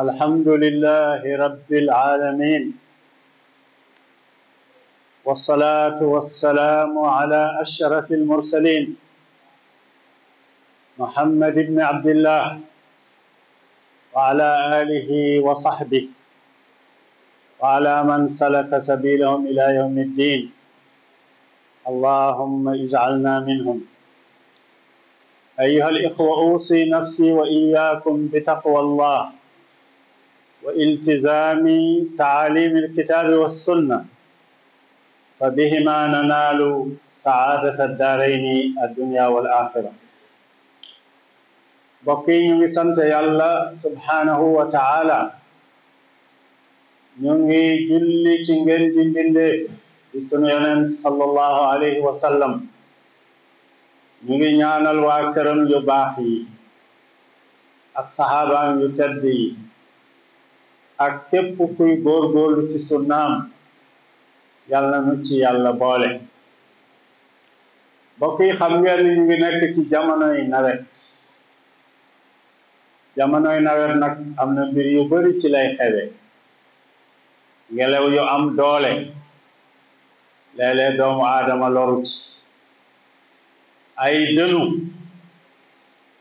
الحمد لله رب العالمين والصلاة والسلام على أشرف المرسلين محمد بن عبد الله وعلى آله وصحبه وعلى من سلك سبيلهم إلى يوم الدين اللهم اجعلنا منهم أيها الإخوة أوصي نفسي وإياكم بتقوى الله والتزام تعاليم الكتاب والسنة فبهما ننال سعادة الدارين الدنيا والآخرة بقين سنت يلا سبحانه وتعالى نيونغي جولي تشينغين جيمبيندي سنو صلى الله عليه وسلم نيونغي نيانال واكرم يو باخي اك صحابه يو تدي ak képp kuy góorgóorlu ci sunnaam yàlla nu ci yàlla boole mbokk yi xam ngeen ni ñu ngi nekk ci jamonoy nawet jamonoy nawet nag am na mbir yu bari ci lay xewe ngelaw yu am doole léeg doomu aadama loru ay dënu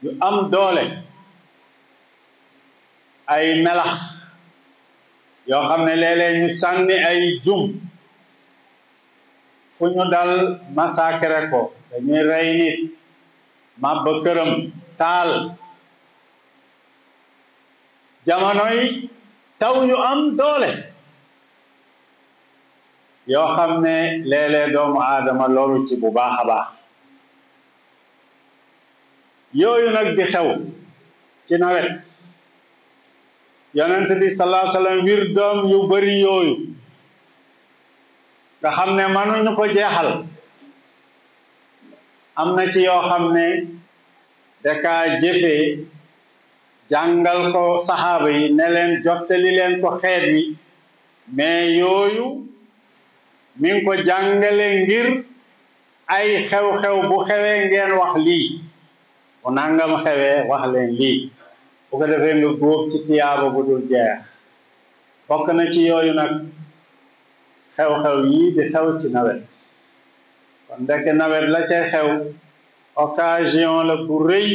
yu am doole ay melax yo xamne ne leeg ñu sànni ay jum fu ñu dal massacre ko dañuy ray nit màbb këram taal yi taw ñu am doole yo xamne ne doomu aadama ci bu baax a baax yooyu nag di xew ci nawet yonent bi sallallahu alayhi wa sallam wir doom yu bëri yooyu nga xam ne mënuñu ko jeexal am na ci yoo xam ne dakaa jëfee jàngal ko saxaaba yi ne leen jottali leen ko xeet wi mais yooyu min ko jàngale ngir ay xew-xew bu xewee ngeen wax lii bu nangam xewee wax leen lii bu ko defee nga góob ci tiyaaba bu dul jeex bokk na ci yooyu nag xew-xew yii di xew ci nawet ndeke nawet la cay xew occasion la bu rëy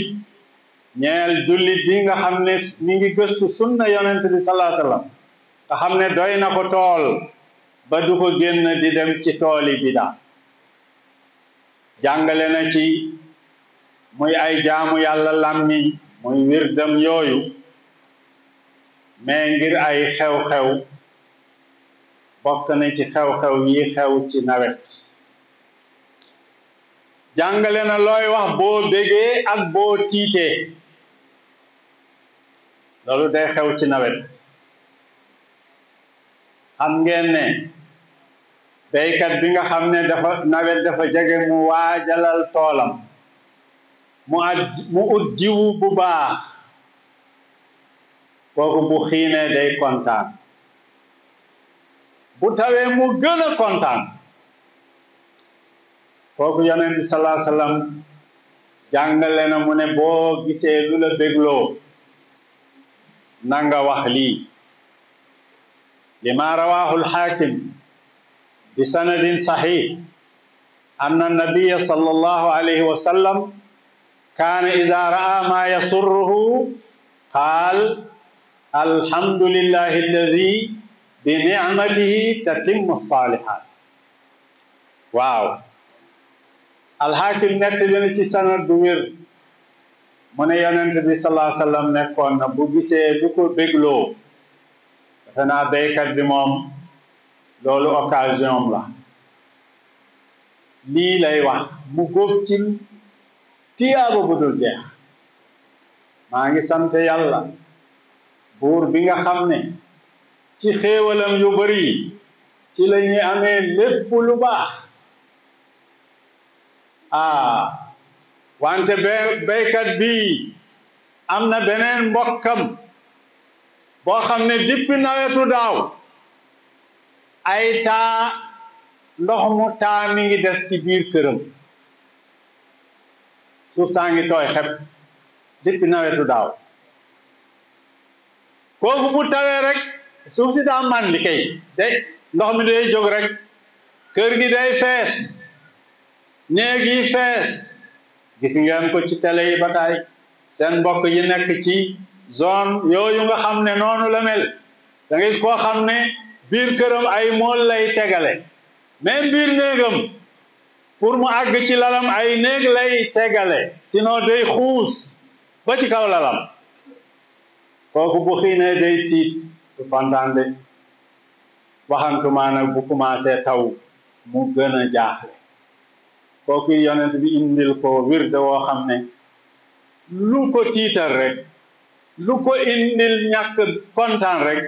ñeel jullit bi nga xam ne mi ngi gëstu sunna yonent bi salaa sallam nga xam ne doy na ko tool ba du ko génn di dem ci tooli bida jàngale na ci muy ay jaamu yàlla làmmiñ muy wirdam yooyu mais ngir ay xew-xew bokk na ci xew-xew yi xew ci nawet jàngale na looy wax boo bégee ak boo tiitee loolu day xew ci nawet xam ngeen ne béykat bi nga xam ne dafa nawet dafa jege mu waajalal toolam mu ut jiwu bu baax kooku bu xiinee day kontaan bu tawee mu gën a kontaan kooku yonent bi salaa sallam jàngale na mu ne boo gisee lu la bégloo na nga wax lii lima rawahu alxaakim bi sanadin saxiix anna nabiya sallallahu alayhi wa sallam كان إذا رأى ما يسره قال الحمد لله الذي بنعمته تتم الصالحات واو الحاكم نت بن سيسان الدوير من ينتبه صلى الله عليه وسلم نكون نبو بيسي بكو بيقلو فنا بيكت بموم لولو أكازيوم لا لي لي واح مغوبتين tiyaaba bu dul jeex maa ngi sant yàlla buur bi nga xam ne ci xéewalam yu bari ci la ñuy amee lépp lu baax aa wante bey béykat bi am na beneen mbokkam boo xam ne dippi nawetu daaw ay taa ndox mu taa mi ngi des ci biir këram suuf saa ngi tooy xepp depuis nawetu daaw kooku bu tawee rek suuf si daa màndi kay day ndox mi day jóg rek kër gi day fees néeg yi fees gis ngeen ko ci télé yi seen mbokk yi nekk ci zone yooyu nga xam ne noonu la mel da xam ne biir këram ay mool lay tegale mais biir néegam pour mu àgg ci lalam ay néeg lay tegale sinon day xuus ba ci kaw lalam kooku bu xiinee day tiit du kontaan de waxantumaa nag bu commencé taw mu gën a jaaxle kooku yonent bi indil ko wirde woo xam ne lu ko tiital rek lu ko indil ñàkk kontaan rek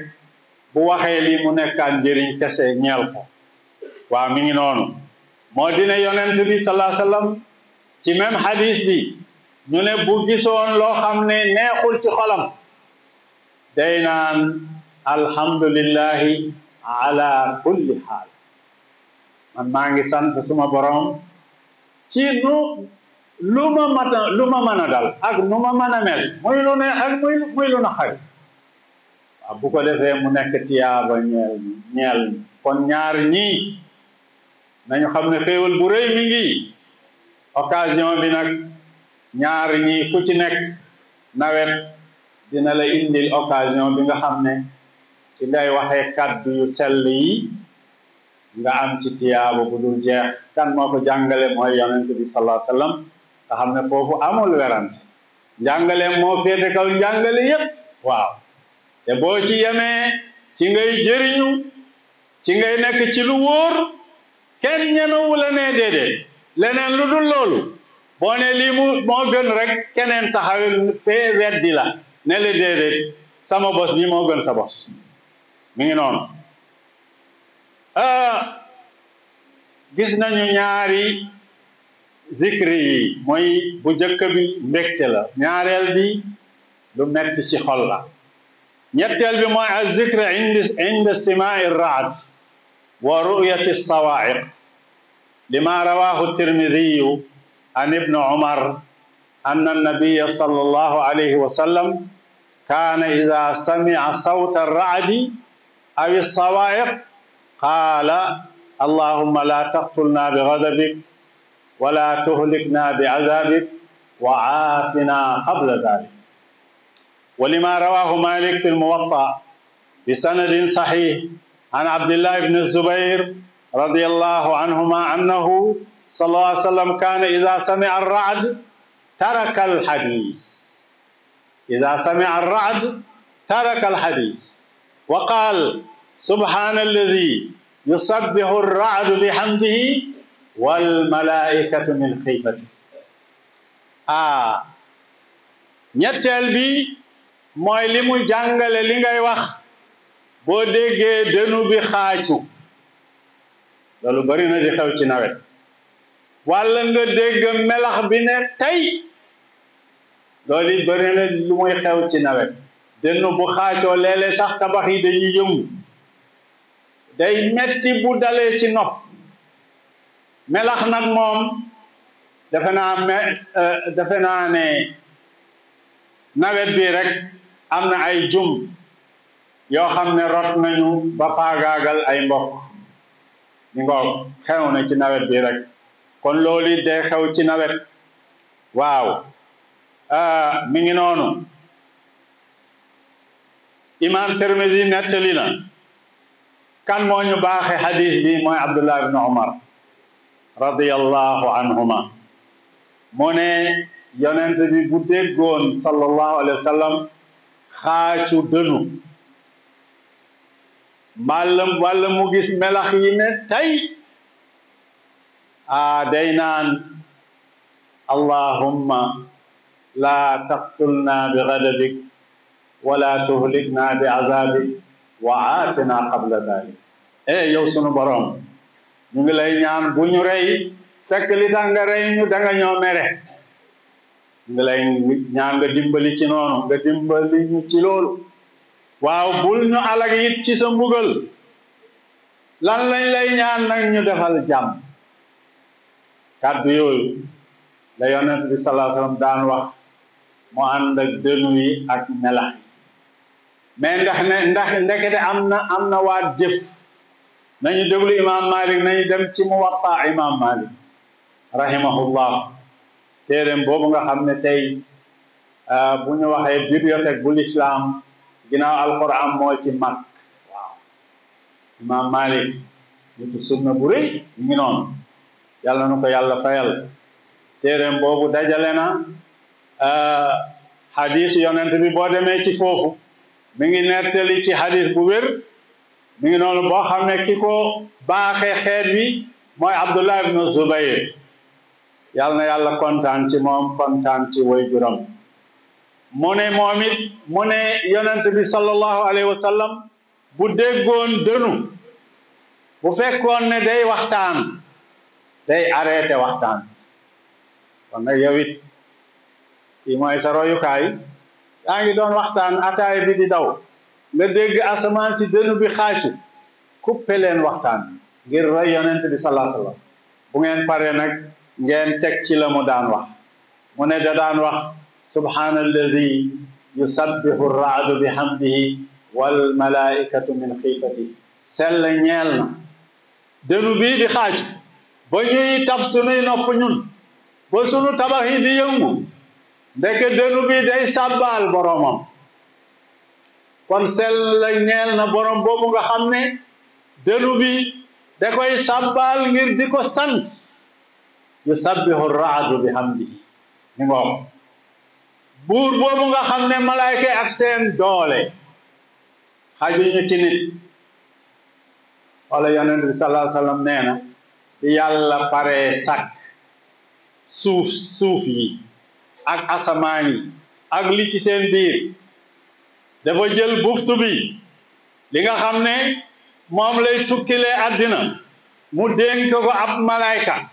bu waxee lii mu nekkaan njëriñ kese ñeel ko waa mi ngi noonu moo dina yonent bi salaa sallam ci même hadis bi ñu ne bu gisoon loo xam ne neexul ci xolam day naan alhamdulillahi ala kulli xaal man maa ngi sant suma borom ci nu lu ma mata mën a dal ak nu ma mën a mel muy lu neex ak muy lu naqari waaw bu ko defee mu nekk tiyaaba ñeel ñeel kon ñaar ñii nañu xam ne xéewal bu rëy mi ngi bi nag ñaar ñi ku ci nekk nawet dina la indil occasion bi nga xam ne ci ngay waxee kàddu yu sell yi nga am ci tiyaaba bu dul jeex kan moo ko jàngale mooy yonent bi sallallahu alayhi wasallam nga xam ne foofu amul werante njàngale moo féete kaw yépp waaw te boo ci yemee ci ngay jëriñu ci ngay nekk ci lu wóor kenn ñemewu la nee déedéet leneen lu dul loolu boo ne lii mu moo gën rek keneen taxawe fee weddi la ne la déedéet sama bos bi moo gën sa bos mi ngi noonu ah, gis nañu ñaari zikri yi mooy bu njëkk bi mbégte la ñaareel bi lu metti ci xol la ñetteel bi mooy az zikri indi indi simaa iraat ورؤية الصواعق لما رواه الترمذي عن ابن عمر أن النبي صلى الله عليه وسلم كان إذا سمع صوت الرعد أو الصواعق قال اللهم لا تقتلنا بغضبك ولا تهلكنا بعذابك وعافنا قبل ذلك ولما رواه مالك في الموطأ بسند صحيح عن عبد الله بن الزبير رضي الله عنهما أنه صلى الله عليه وسلم كان إذا سمع الرعد ترك الحديث إذا سمع الرعد ترك الحديث وقال سبحان الذي يسبح الرعد بحمده والملائكة من خيفته آه ñettel bi moy limu jangale li ngay wax boo déggee denu bi xaacu loolu bari na di xew ci nawet walla nga dégg melax bi ne tey loolu it lu muy xew ci nawet dënn bu xaacoo léeg sax tabax yi dañuy yëngu day metti bu dalee ci nopp melax nag moom defe naa me euh, defe naa ne nawet bi rek am na ay jum yoo xam ne rot nañu ba faagaagal ay mbokk ñu ngoog xew na ci nawet bi rek kon loolu it day xew ci nawet waaw ah, mi ngi noonu imam Tirmidi na kan moo ñu baaxe xadis bi mooy Abdullah ibn Umar radiyallahu anhuma mu yonent bi bu déggoon sallallahu alayhi wa sallam xaacu dënu mbala wala mu gis melax yi ne tey a ah, day naan allahumma laa taqtulnaa bi ghadabik wala tuhliknaa bi azabik wa aatina qabla dalik e eh, yow sunu borom ñu ngi lay ñaan bu ñu rey fekk li tax rey ñu da nga ñoo mere ñu ngi lay ñaan nga dimbali ci noonu nga dimbali ñu ci loolu waaw bul ñu alag it ci sa mbugal lan lañ lay ñaan nag ñu defal jàmm kàddu yooyu la yonent bi salaa sallam daan wax mu ànd ak dënu yi ak melax mais ndax ne ndax ndekete nañu imam malik nañu dem ci mu imam malik rahimahullah téeréem boobu nga xam ne tey ah, bu ñu bibliothèque bu l'islam ginnaaw alquran moo ci mag waaw imam malik nitu sunna bu rëy mu ngi noonu yàlla na ko yàlla fayal téeréem boobu dajale na hadis yonent bi boo demee ci foofu mi ngi nettali ci hadis bu wér mi ngi noonu boo xam ne ki ko baaxee xeet wi mooy abdullah ibnu zubayr yàlla na yàlla kontaan ci moom kontaan ci way juram mu ne moom it mu yonent bi sallallahu alayhi wa sallam bu déggoon dënu bu fekkoon ne day waxtaan day arrêté waxtaan kon nag yow it kii mooy sa royukaay yaa ngi doon waxtaan ataay bi di daw nga dégg asamaan si dënu bi xaacu kuppe leen waxtaan ngir roy yonent bi sallallahu alayhi bu ngeen paree nag ngeen teg ci la mu daan wax mu ne da daan wax سبحان الذي يسبح الرعد بحمده والملائكة من خيفته sell ñeel na denu bii di xaaj ba ñuy tab sunuy nopp ñun ba sunu tabax yi di yëngu ndeke denu bii day sàbbaal boromam kon sell ñeel na borom boobu nga xam ne denu bi da koy sàbbaal ngir di ko sant yusabbihu raadu bi hamdihi ni ngoom buur boobu nga xam ne malaayka ak seen doole xajuñu ci nit wala yonent bi sallallahu alayhi wa sallam yàlla paree sàkk suuf suuf yi ak asamaan yi ak li ci seen biir dafa jël buftu bi li nga xam ne moom lay tukkilee àddina mu dénk ko ab malaayka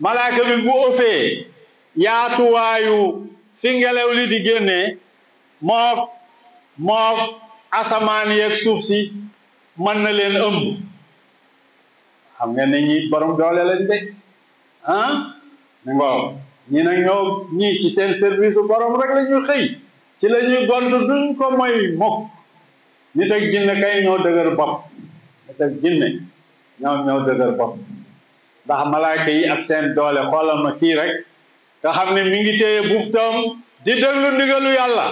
malaayka bi bu ëffee yaatuwaayu fi ngelaw li di génnee mook mook asamaan yeeg suuf si mën na leen ëmb xam nga ne ñi borom doole lañ de ah mi ngoow ñi nag ñoo ñii ci seen service bu borom rek la ñuy xëy ci la ñuy gont duñ ko moy mukk nit ak jinne kay ñoo dëgër bopp nit ak jinne ñoom ñoo dëgër bopp ndax malaaka yi ak seen doole xoolal kii rek nga xam ne mi ngi téye buftam di déglu ndigalu yàlla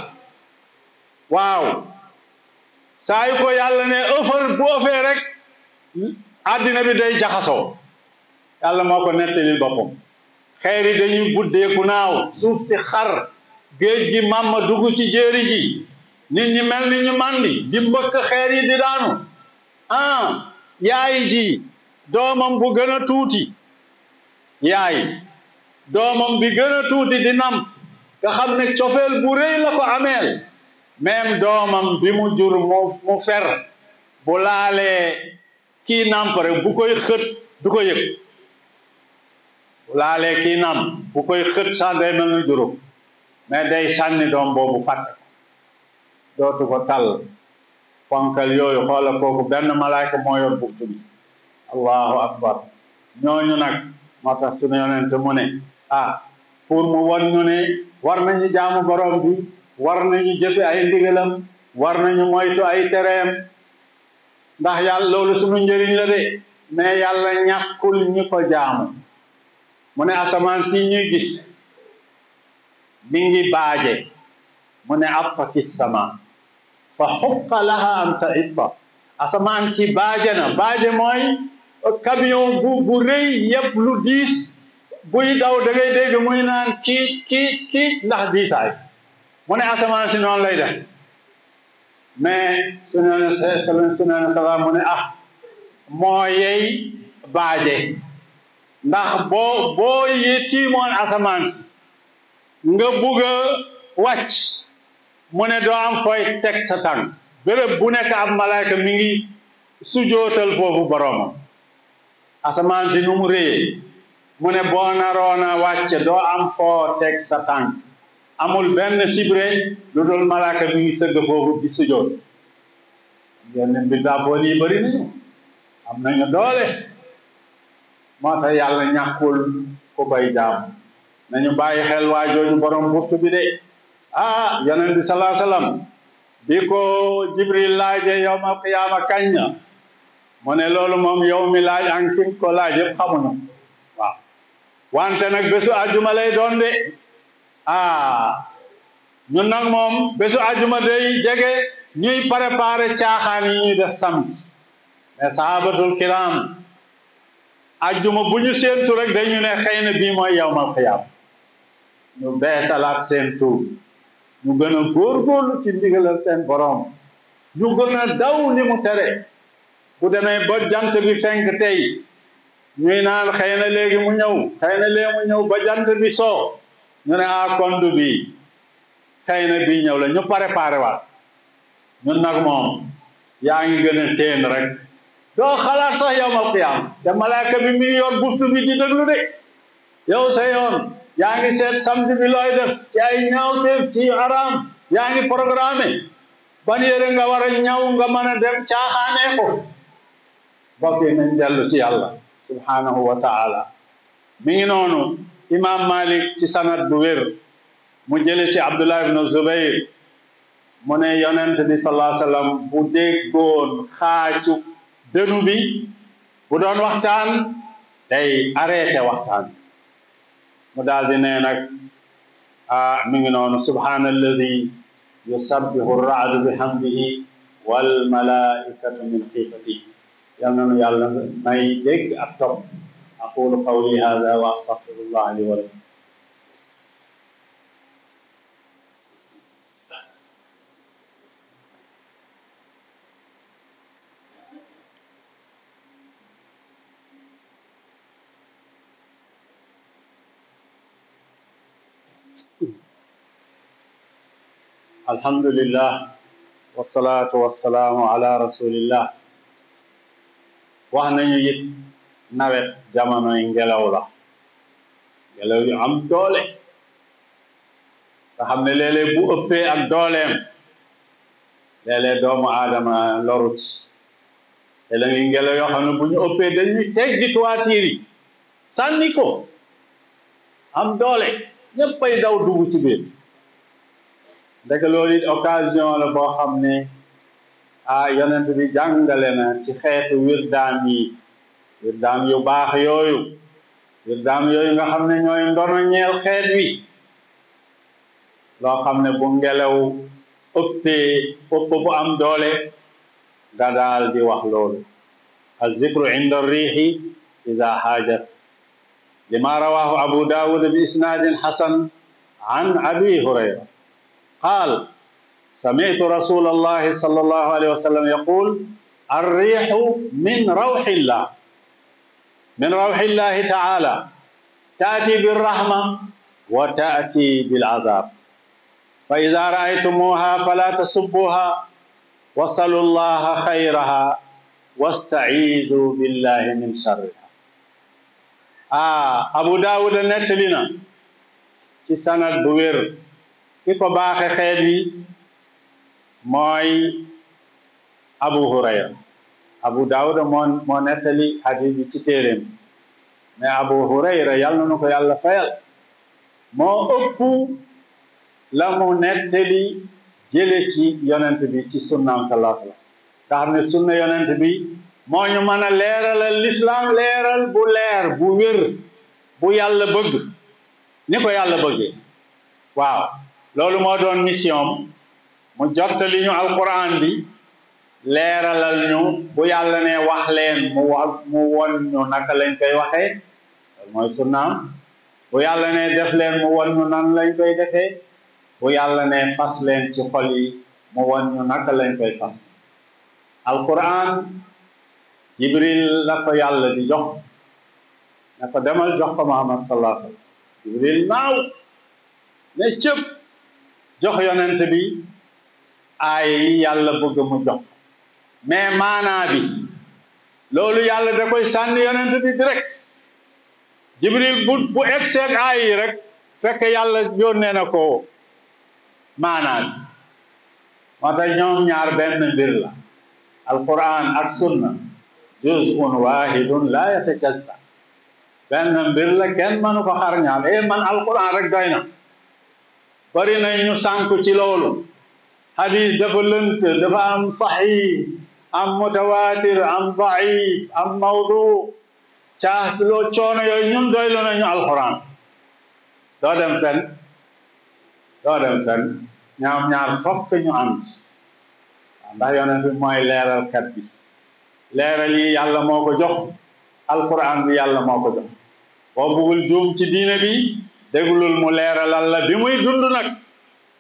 waaw saa yu ko yàlla ne ëffal bu ëffee rek àddina bi day jaxasoo yàlla moo ko nettalil boppam xeer yi dañuy buddeeku naaw suuf si xar géej gi màmma dugg ci jéeri ji nit ñi mel ni ñu màndi di mbëkk xeer yi di daanu ah yaay ji doomam bu gën a tuuti yaay doomam bi gën a tuuti di nam nga xam ne cofeel bu rëy la ko ameel même doomam bi mu jur mu mu fer bu laalee kii namp rek bu koy xët du ko yëg bu laalee kii namp bu koy xët sax mel ni juróom mais day sànni doom boobu fàtte dootu ko tal ponkal yooyu xoola kooku benn malaayka moo yor buftu allahu akbar ñooñu nag moo tax mu ne ah pour mu wan ñu ne war ñu jaamu borom bi war nañu jëfe ay ndigalam war nañu moytu ay tereem ndax yàlla loolu suñu njëriñ la de mais yàlla ñàkkul ñi ko jaamu mu ne asamaan si ñuy gis mi ngi baaje mu ne appati sama fa xuqa laha an ta'itta asamaan ci baaja na baaje mooy camion bu bu rëy yëpp lu diis buy daw da ngay dégg muy naan kii ki ki ndax diisaay mu ne asamaan si noonu lay def mais su neen su neen salaam mu ne ah moo yey baaje ndax boo boo yi asamaan si nga bugg a wàcc mu ne doo am fooy teg sa tànk béréb bu nekk am malaayka mi ngi sujootal foofu boroomam asamaan si nu mu réyee mu ne boo naroon a doo am foo teg sa tànk amul benn sibre lu dul malaaka bi ngi sëgg foofu di sujjoot yenn bi dàbboon yi bëri nañu am nañu doole moo tax yàlla ñàkkul ku koy jaam nañu bàyyi xel waa jooju borom buftu bi de ah yonent bi salaa salaam bi ko jibril laaje yawmal qiyaama kañ na mu ne loolu moom yow mi laaj an ki ko laaj yëpp xamu wante nag bésu àjjuma lay doon de ah ñun nag moom bésu àjjuma day jege ñuy préparer caaxaan yi ñuy def samedi mais kiram àjjuma bu ñu séentu rek dañu ne xëy na bii mooy yawmal qiyaam ñu beesalaat seen tur ñu gën a góorgóorlu ci ndigalal seen borom ñu gën a daw li mu tere bu demee ba jant bi fenk tey ñuy naan xëy na léegi mu ñëw xëy na léegi mu ñëw ba jant bi soo ñu ne a ah, kond bi xëy na bi ñëw la ñu préparé waat ñun nag moom yaa ngi gën a rek doo xalaat sax yawmal qiyaam te malaaka bi mi yor bi di déglu de yow sa yoon yaa ngi seet samedi bi looy def ci ay ñaawteef ci araam yaa ngi programme ban yére nga war ñaw nga mën a dem caaxaanee ko bokk ci yàlla subhanahu wa ta'ala mi ngi noonu imam malik ci sanad bu wér mu jële ci abdullah ibn zubayr mu ne yonent bi sallallahu alayhi wasallam bu déggoon xaacu dënu bi bu doon waxtaan day arrêté waxtaan mu daal di ne nag ah mi ngi noonu subhana alladi yusabbihu ar-ra'du bihamdihi wal malaa'ikatu min xiifatihi يلنن يلنن ما يدق أكتب أقول قولي هذا وأستغفر الله لي ولكم الحمد لله والصلاة والسلام على رسول الله wax nañu it nawet jamonoy ngelaw la ngelaw yu am doole nga xam ne léeg bu ëppee ak dooleem léeg-léeg doomu aadama lorut te ngi ngelaw yoo xam ne bu ñu ëppee dañuy teggi toiture yi sànni ko am doole ñëppay daw dugg ci biir ndeke loolu it occasion la boo xam ne ah yonent bi jàngale na ci xeetu wirdaam yi wirdaam yu baax yooyu wirdaam yooyu nga xam ne ñooy ndono ñeel xeet wi loo xam ne bu ngelaw ëppee ëpp bu am doole nga daal di wax loolu الذكر عند الريح إذا حاجت لما رواه أبو داود بإسناد حسن عن أبي هريرة قال سمعت رسول الله صلى الله عليه وسلم يقول الريح من روح الله من روح الله تعالى تأتي بالرحمة وتأتي بالعذاب فإذا رأيتموها فلا تسبوها وصلوا الله خيرها واستعيذوا بالله من شرها آه أبو داود النتلنا في سند بوير كيف باقي خيبي mooy abu hurayra abu daawuda moo nettali hadis bi ci téeréem mais abu hurayra yal na nu ko yàlla fayal moo ëpp la mu nettali jële ci yonent bi ci sunnaam sallallahu alayhi ne sunna yonent bi moo ñu mën a leeralal lislaam leeral bu leer bu wér bu yàlla bëgg ni ko yàlla bëggee waaw loolu moo doon mission mu jottali ñu alquran bi leeralal ñu bu yàlla ne wax leen mu wax mu won ñu naka lañ koy waxee mooy sunnaam bu yàlla ne def leen mu won ñu nan lañ koy defee bu yàlla ne fas leen ci xol yi mu won ñu naka lañ koy fas alquran jibril la ko yàlla di jox na ko demal jox ko muhammad sallallahu alayhi jibril naaw ne cëpp jox yonent bi aay yi yàlla bëgg mu jox mais maanaa bi loolu yàlla da koy sànni yonent bi direct jibril bu bu egseeg aay yi rek fekk yàlla yónnee na ko maanaa bi moo tax ñoom ñaar benn mbir la alquran ak sunna juz'un wahidun la yatajazza benn mbir la kenn mënu ko xar ñaar eh man alquran rek doy na bari na ñu sànku ci loolu xadis dafa lënt dafa am saxiix am mutawaatir am daif am mawdu caax loo coono yooyu ñun doy la nañu alxuraan doo dem fenn doo dem fenn ñaam ñaar fokk ñu am ci ndax yonent bi mooy leeralkat bi leeral yi yàlla moo ko jox alxuraan bi yàlla moo ko jox boo bëggul juum ci diine bi déglul mu leeralal la bi muy dund nag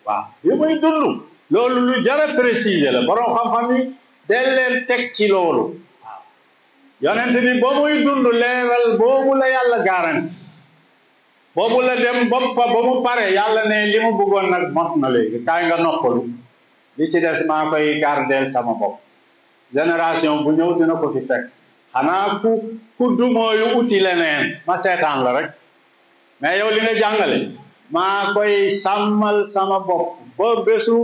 waaw bi muy dund loolu lu jar a préciser la borom xam-xam yi del leen teg ci loolu waaw yonent bi ba muy dund leeral boobu la yàlla garanti boobu la dem boppa ba mu pare yàlla ne li ma bëggoon nag mot na léegi kaay nga noppalu li ci des maa koy gardeel sama bopp génération bu ñëw dina ko fi fekk xanaa ku ku dumooyu uti leneen ma seetaan la rek mais yow li nga jàngale maa koy sàmmal sama bopp ba bésu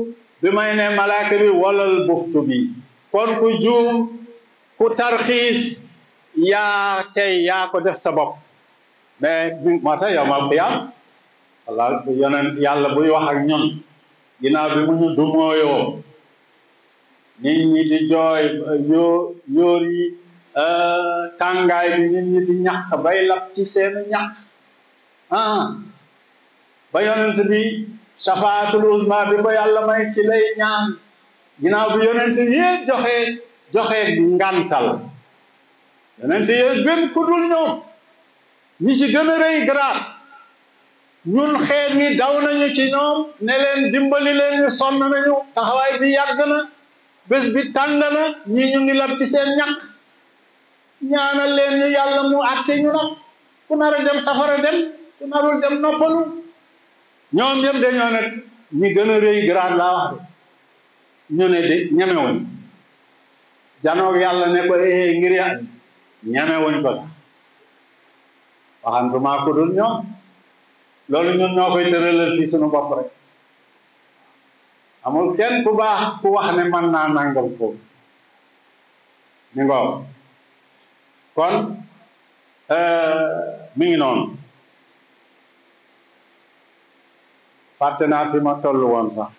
bi may ne malaaka bi walal buftu bi kon ku juum ku tarxiis yaa tey yaa ko def sa bopp mais moo tax yow mal qiyaam walla yonent yàlla buy wax ak ñun ginnaaw bi mu ñu dumóoyoo nit di jooy yoo yóor yi euh, tàngaay bi nit ñi bay lap ci seen ñàkk ah ba bi safaatul uzma bi ko yàlla may ci lay ñaan ginnaaw bi yonent yépp joxe joxe ngantal yonent yépp bépp ku dul ñëw ñi ci gën a rëy garaat ñun xeet ni daw nañu ci ñoom ne leen dimbali leen ñu sonn nañu taxawaay bi yàgg na bés bi tàng na ñii ñu ngi lab ci seen ñàkk ñaanal leen ñu yàlla mu àtte ñu nag ku nar a dem safara dem ku narul dem noppalu ñoom yëpp dañoo nag ñi gën a rëy grade laa wax de ñu ne de ñemewuñ janoog yàlla ne ko ee eh, ngir yàlla ñemewuñ ko sax waxantumaa ko dul ñoom loolu ñun ñoo koy tëralal fii suñu bopp rek amul kenn ku baax ku wax ne mën naa nangam foofu mi ngoo kon euh, mi ngi noonu partenariat fi ma toll woon sax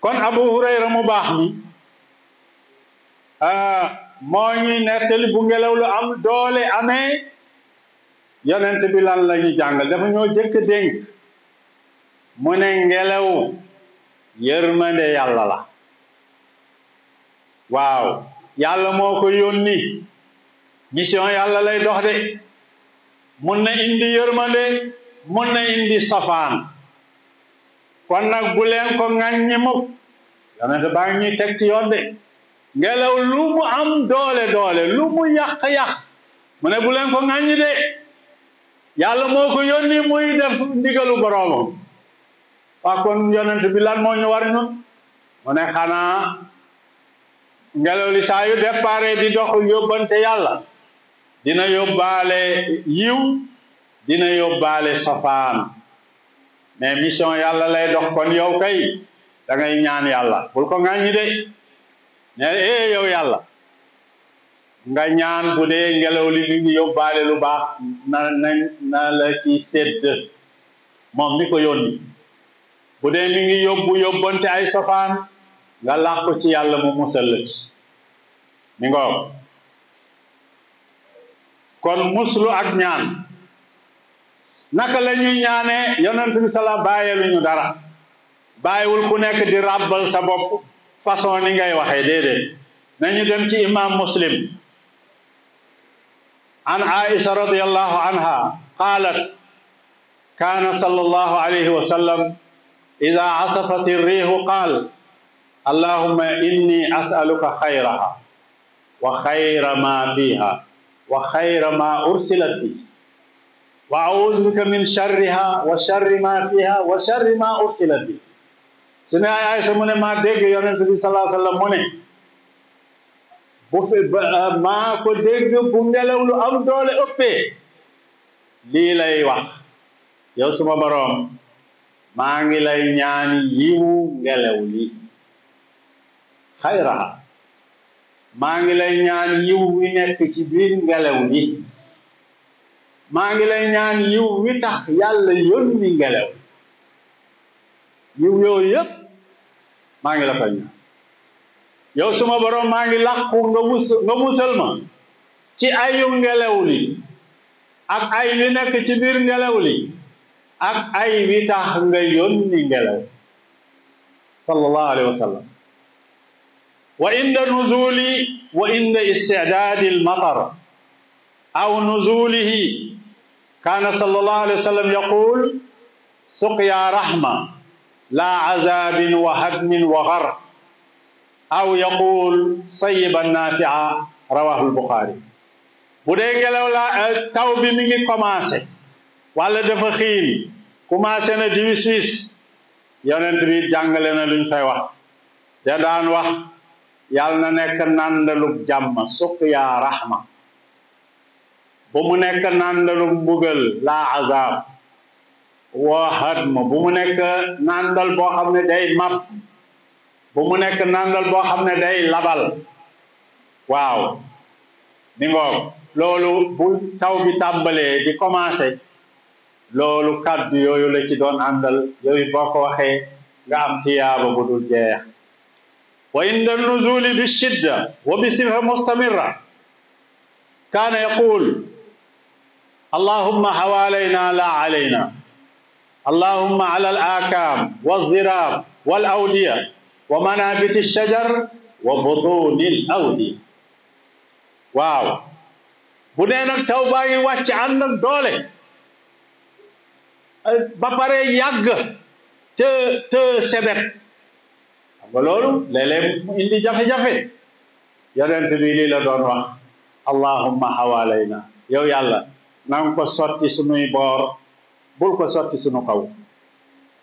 kon Abu Hurayra mu baax mi moo ñuy nettali bu ngelaw lu am doole amee yonent bi lan la ñu jàngal dafa ñoo jëkk dénk mu ne ngelaw yërmande yàlla la waaw yàlla moo ko yónni mission yàlla lay dox de mun na indi yërmande mun na indi safaan kon nag bu leen ko ŋàññi mukk yonente baa ngi ñuy ci yoon de ngelaw lu mu am doole doole lu mu yàq-yàq mu ne bu leen ko ŋàññi de yàlla moo ko yónni muy def ndigalu boroomam waa kon yonente bi lan moo ñu war ñun mu xanaa ngelaw li saa yu di dox yóbbante yàlla dina yóbbaale yiw dina yóbbaale sofaan mais mission yàlla lay dox kon yow kay dangay ñaan yàlla bul ko ŋàññi de ne eh yow yàlla nga ñaan bu dee ngelaw li di yóbbaale lu baax na na na la ci sedd moom mi ko yónni bu dee mi ngi yóbbu yóbbante ay sofaan nga làqu ci yàlla mu musal la ci mi kon muslu ak ñaan naka la ñuy ñaanee yonent bi sala bàyyeelu ñu dara bayiwul ku nekk di ràbbal sa bop façon ni ngay waxé dédé nañu dem ci imam muslim an aisha radiallahu anha qaalat kaana sallallahu alayhi wa sallam ida asafat irrihu qaal allahumma inni asaluka xayraha wa xayra ma fiha wa xayra ma ursilat bi وأعوذ بك من شرها وشر ما فيها وشر ما أرسلت به sunu yaay Aysa mu ne maa dégg yonent bi salaa sallam mu ne maa ko dégg bu ngelaw lu am doole ëppee lii lay wax yow suma boroom maa ngi lay ñaan yiwu ngelaw li xayraha maa ngi lay ñaan yiw wi nekk ci biir ngelaw li maa ngi lay ñaan yiw wi tax yàlla yónni ngelaw yiw yooyu yëpp maa ngi la koy ñaan yow suma borom maa ngi làqu nga mus nga musal ma ci ayu ngelaw li ak ay wi nekk ci biir ngelaw li ak ay wi tax nga yónni ngelaw sallallahu alayhi wa sallam wa inda nuzuli wa inda istidaadi al matar aw nuzulihi كان صلى الله عليه وسلم يقول سقيا رحمة لا عذاب وهدم وغر أو يقول صيبا نافعا رواه البخاري بودي جلو لا التوبي مني كماسة ولا دفخين كماسة ندويسويس يونتري جانجلنا لنفوا يدان وح يالنا نكنان لوك جام سقيا رحمه bu mu nekk la dalu mbugal laa azab wa hadm bu mu nekk nandal boo xam day map bu mu nekk nandal boo xam day labal waaw ni ngoog loolu bu taw bi tàmbalee di commencé loolu kàddu yooyu la ci doon àndal yooyu boo ko waxee nga am tiyaaba bu dul jeex وعند النزول بالشدة وبصفة مستمرة كان يقول اللهم حوالينا لا علينا اللهم على الآكام والضراب والأودية ومنابت الشجر وبطون الأودية واو bu nee nag taw baa ngi wàcc ànd ak doole ba pare yàgg te te sebet xam nga loolu léeg-léeg mu indi jafe-jafe yonent bi lii la doon wax allahumma xawaalayna yow yàlla na ko sotti sunuy boor bul ko sotti sunu kaw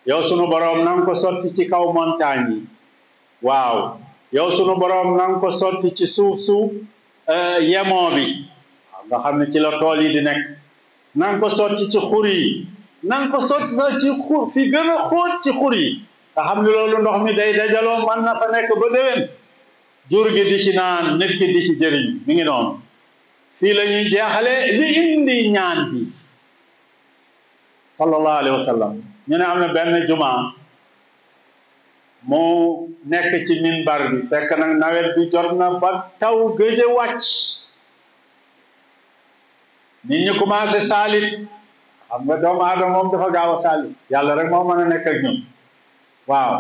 yow sunu boroom na ko sotti ci kaw montagne yi waaw yow sunu boroom na nga ko sotti ci suuf suuf eh, yemoo bi nga xam ne ci la tool yi di nekk nan ko sotti ci xur yi na ko sotti sax ci xur fi gën ci xur yi nga xam ne loolu ndox mi day dajaloo man na fa nekk ba déwén jur gi di ci naan nit ki di ci jëriñ mi ngi noonu fii la ñuy jeexalee li indi ñaan bi sallallahu alayhi wa sallam ñu ne am na benn jumaa mu nekk ci minbar bi fekk nag nawet bi jot na ba taw gëje wàcc nit ñi commencé saalit xam nga doomu aadama moom dafa gaaw a saalit yàlla rek moo mën a nekk ak ñun waaw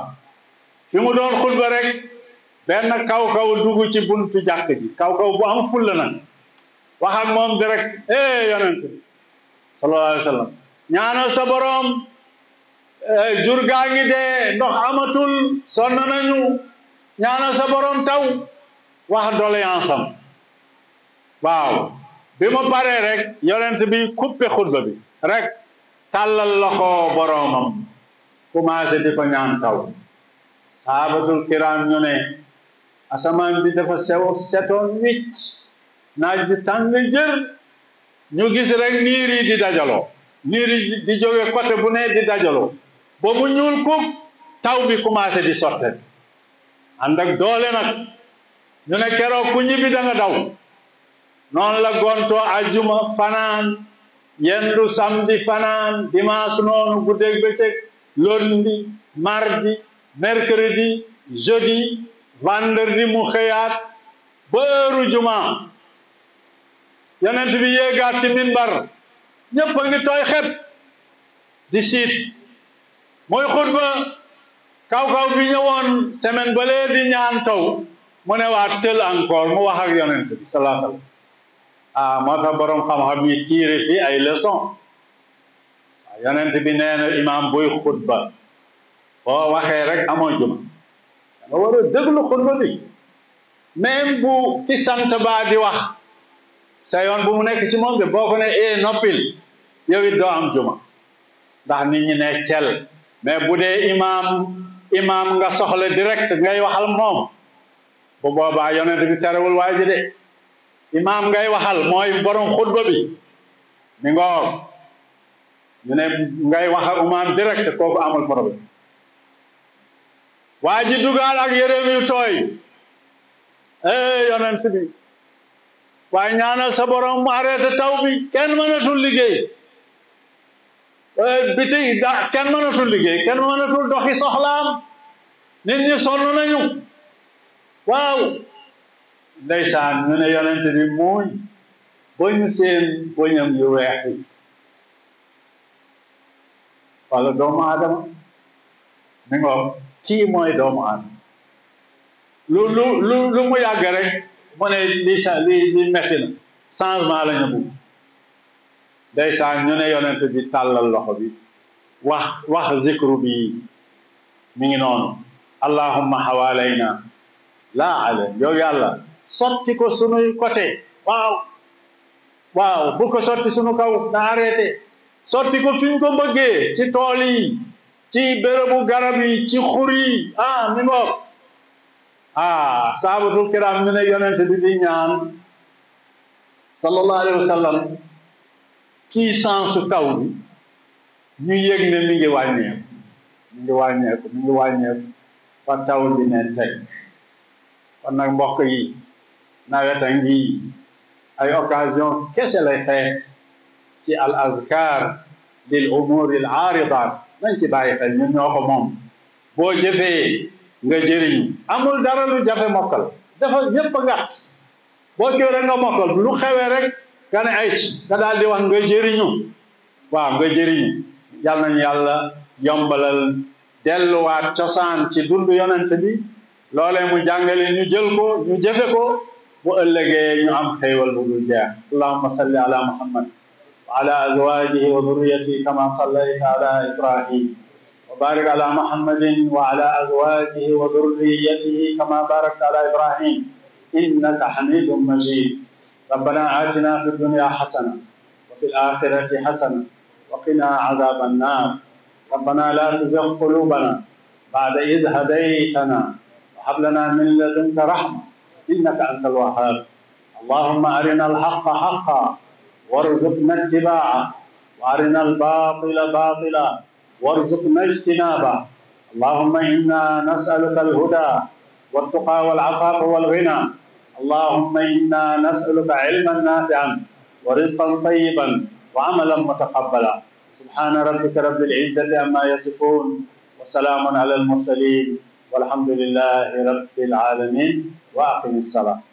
fi mu doon xutba rek benn kaw kaw dugg ci buntu jàkk ji kaw kaw bu am fulla nag wax ak moom direct eh yonent bi sallallahu boroom eh, jur gaa ngi dee ndox amatul sonn nañu boroom taw wax doléance am waaw bi mu paree rek yonent bi coupé xutba bi rek tàllal loxo boroomam commencé di ko ñaan taw saabatul kiram ñu asamaan bi dafa sew setoon wicc naaj bi tàng jër ñu gis rek niir di dajaloo niir yi di jóge côté bu ne di dajalo ba mu ñuul kuk taw bi commencé di sotte ànd ak doole nag ñu ne keroog ku ñibbi da daw noonu la gontoo ajjuma fanaan yendu samedi fanaan dimanche noonu guddeeg bëccëg lundi mardi mercredi jeudi vendredi mu xëyaat ba heure juma yonent bi yéegaat ci minbar ñëpp a tooy xet di siit mooy xutba kaw-kaw bi ñëwoon semaine ba di ñaan taw mu ne waa tël encore mu wax yonent bi salaa sallam ah borom xam-xam yi tiire fii ay leçon ah, yonent bi nee na imaam buy xutba boo waxee rek amoo juma nga war a xutba bi même bu ci baa di wax sa yoon bu mu nekk ci moom de boo ko ne e noppil yow it doo am juma ndax nit ñi cel mais bu dee imaam imaam nga soxla direct ngay waxal moom bu boobaa yonent bi terewul waay de imaam ngay waxal mooy borom xutba bi mi ngoor ñu ne ngay waxal imaam direct kooku amul problème waa ji dugaal ak yëreem yu tooy eh yonent bi waa ñaanal sa borom mu arrêté taw bi kenn mënatul liggéey euh, biti da kenn mënatul liggéey kenn tul doxi soxlaam nit ñi sonn nañu waaw ndeysaan ñu ne yonente bi muuñ ba ñu seen bëñam yu weex yi wala doomu aadama mi ngoo kii mooy doomu aadama lu lu lu mu yàgg rek mu ne li li li metti na changement la ñu bugg ndeysaan ñu ne yonent bi tàllal loxo bi wax wax zikru bi mi ngi noonu allahumma xawaalayna laa ala yow yàlla sotti ko sunuy côté waaw waaw bu ko sotti sunu kaw na arrêté sotti ko fi ñu ko bëggee ci tool yi ci bérébu garab yi ci xur yi ah mi ngoog ah saabatul kiram ñu ne yonente bi di ñaan sallallahu alayhi wa sallam kii sansu taw bi ñu yëg ne mi ngi wàññeeku mi ngi fa taw bi ne teg kon nag mbokk yi naweta ngi ay occasion kese lay xees ci al azkar lil umur al aarida nañ ci bàyyi xel ñun ñoo moom boo jëfee nga jëriñu amul dara lu jafe mokkal dafa ñëpp a boo kiiwee rek lu xewee rek nga ne ay ci nga daal di wax nga jëriñu waaw nga jëriñu yal nañu yàlla yombalal delluwaat cosaan ci dundu yonent bi loole mu jàngale ñu jël ñu jëfe ko bu ëllëgee ñu am xéewal bu dul jeex allahumma salli ala muhammad wa ala azwajihi wa dhurriyyatihi kama sallayta ala ibrahim وبارك على محمد وعلى أزواجه وذريته كما باركت على إبراهيم إنك حميد مجيد ربنا آتنا في الدنيا حسنة وفي الآخرة حسنة وقنا عذاب النار ربنا لا تزغ قلوبنا بعد إذ هديتنا وهب لنا من لدنك رحمة إنك أنت الوهاب اللهم أرنا الحق حقا وارزقنا اتباعه وأرنا الباطل باطلا وارزقنا اجتنابه اللهم إنا نسألك الهدى والتقى والعفاف والغنى اللهم إنا نسألك علما نافعا ورزقا طيبا وعملا متقبلا سبحان ربك رب العزة عما يصفون وسلام على المرسلين والحمد لله رب العالمين وأقم الصلاة